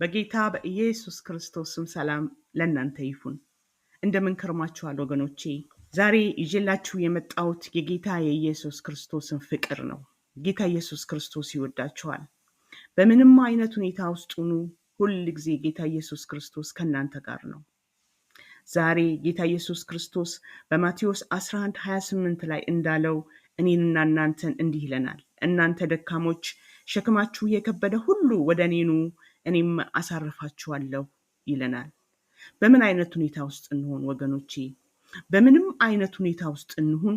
በጌታ በኢየሱስ ክርስቶስም ሰላም ለእናንተ ይሁን። እንደምን ከርማችኋል ወገኖቼ? ዛሬ ይዤላችሁ የመጣሁት የጌታ የኢየሱስ ክርስቶስን ፍቅር ነው። ጌታ ኢየሱስ ክርስቶስ ይወዳችኋል። በምንም አይነት ሁኔታ ውስጥ ሁኑ፣ ሁል ጊዜ ጌታ ኢየሱስ ክርስቶስ ከእናንተ ጋር ነው። ዛሬ ጌታ ኢየሱስ ክርስቶስ በማቴዎስ 11 28 ላይ እንዳለው እኔንና እናንተን እንዲህ ይለናል፣ እናንተ ደካሞች ሸክማችሁ የከበደ ሁሉ ወደ እኔኑ እኔም አሳርፋችኋለሁ ይለናል። በምን አይነት ሁኔታ ውስጥ እንሆን ወገኖቼ? በምንም አይነት ሁኔታ ውስጥ እንሁን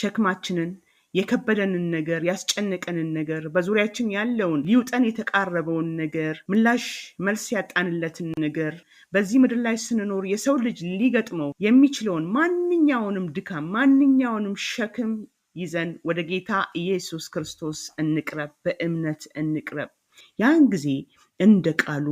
ሸክማችንን የከበደንን ነገር ያስጨነቀንን ነገር በዙሪያችን ያለውን ሊውጠን የተቃረበውን ነገር ምላሽ መልስ ያጣንለትን ነገር በዚህ ምድር ላይ ስንኖር የሰው ልጅ ሊገጥመው የሚችለውን ማንኛውንም ድካም ማንኛውንም ሸክም ይዘን ወደ ጌታ ኢየሱስ ክርስቶስ እንቅረብ፣ በእምነት እንቅረብ። ያን ጊዜ እንደ ቃሉ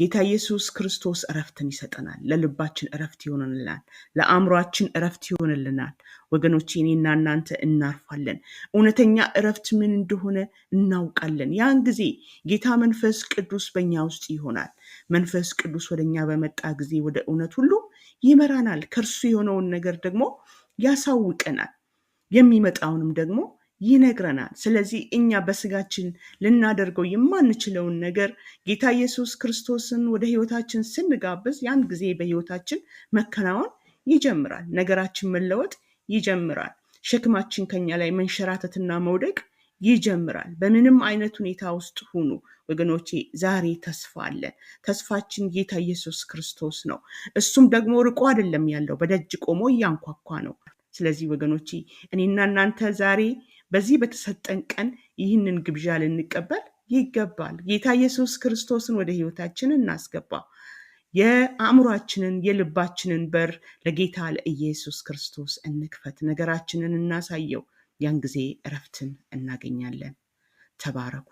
ጌታ ኢየሱስ ክርስቶስ እረፍትን ይሰጠናል። ለልባችን እረፍት ይሆንልናል። ለአእምሯችን እረፍት ይሆንልናል። ወገኖች እኔና እናንተ እናርፋለን። እውነተኛ እረፍት ምን እንደሆነ እናውቃለን። ያን ጊዜ ጌታ መንፈስ ቅዱስ በእኛ ውስጥ ይሆናል። መንፈስ ቅዱስ ወደ እኛ በመጣ ጊዜ ወደ እውነት ሁሉ ይመራናል። ከእርሱ የሆነውን ነገር ደግሞ ያሳውቀናል። የሚመጣውንም ደግሞ ይነግረናል። ስለዚህ እኛ በስጋችን ልናደርገው የማንችለውን ነገር ጌታ ኢየሱስ ክርስቶስን ወደ ህይወታችን ስንጋብዝ ያን ጊዜ በህይወታችን መከናወን ይጀምራል። ነገራችን መለወጥ ይጀምራል። ሸክማችን ከኛ ላይ መንሸራተትና መውደቅ ይጀምራል። በምንም አይነት ሁኔታ ውስጥ ሁኑ ወገኖቼ፣ ዛሬ ተስፋ አለ። ተስፋችን ጌታ ኢየሱስ ክርስቶስ ነው። እሱም ደግሞ ርቆ አይደለም ያለው፣ በደጅ ቆሞ እያንኳኳ ነው። ስለዚህ ወገኖች እኔና እናንተ ዛሬ በዚህ በተሰጠን ቀን ይህንን ግብዣ ልንቀበል ይገባል። ጌታ ኢየሱስ ክርስቶስን ወደ ህይወታችን እናስገባ። የአእምሯችንን የልባችንን በር ለጌታ ለኢየሱስ ክርስቶስ እንክፈት። ነገራችንን እናሳየው። ያን ጊዜ እረፍትን እናገኛለን። ተባረኩ።